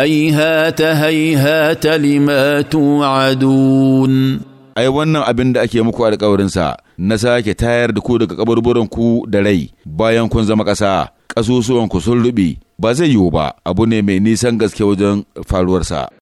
هيهات هيهات لما توعدون ai wannan abin da ake muku alkawarinsa na sake tayar da ku daga kaburburanku da rai bayan kun zama ƙasa ƙasusuwanku sun ruɓe ba zai yiwu ba abu ne mai nisan gaske wajen faruwarsa